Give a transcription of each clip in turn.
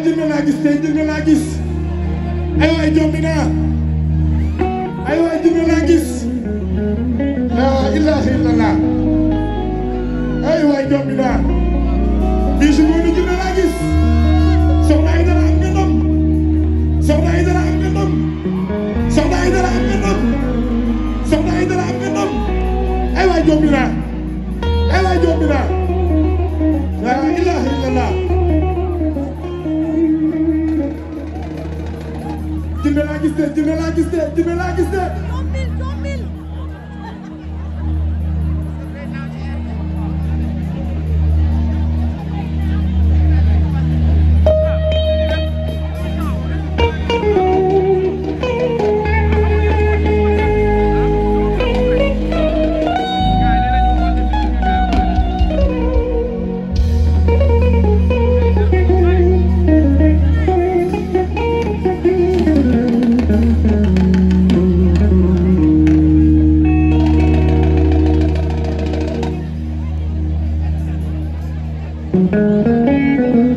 ay jënd naa gis tey jënd naa gis ay waay jombi naa ay waay jënd naa gis jinne laa gis de jinne laa gis de jinne laa gis de Thank you.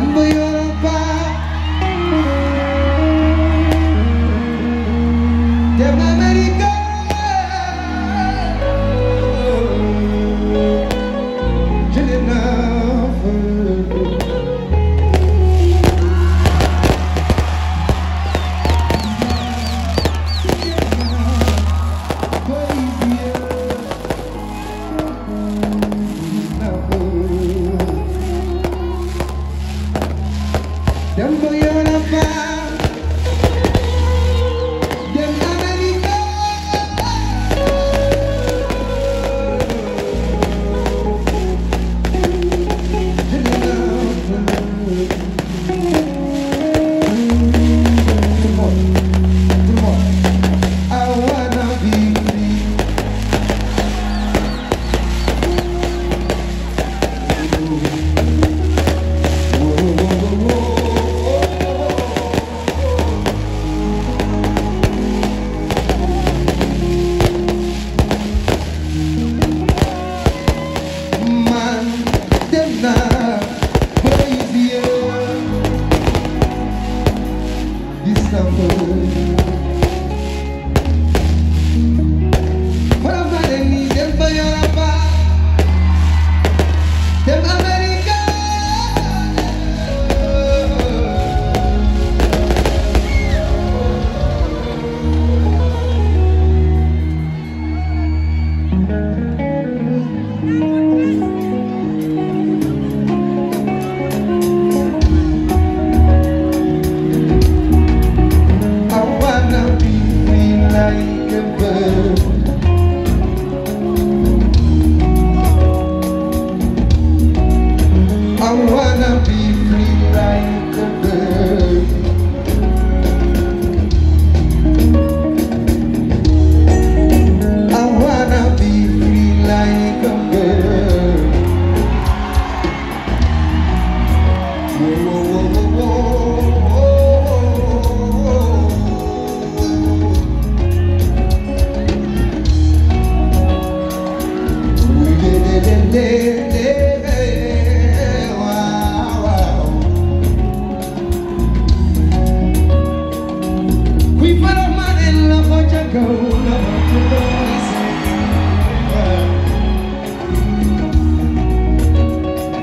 And we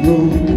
road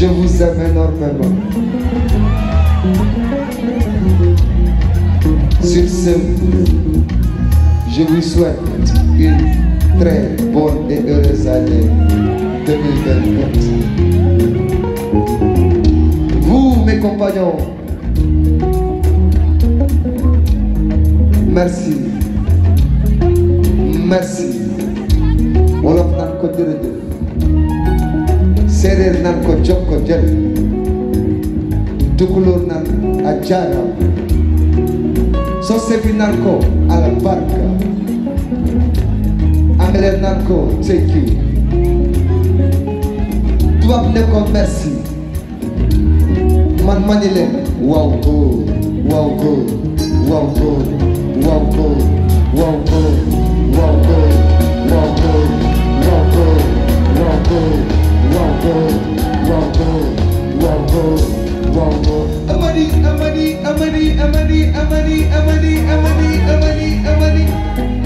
Je vous aime énormément. Sur ce, je vous souhaite une très bonne et heureuse année 2024. Vous, mes compagnons, merci. Merci. On l'a fait côté de séeréer nan ko jox ko jël nan a jaaraam soose bi nan ko alabarka anglais nan ko thank you tubaab ne ko merci man mani leen waaw góor waaw góor waaw góor waaw góor waaw góor Amani, amani, amani, amani, amani, amani, amani, amani, amani.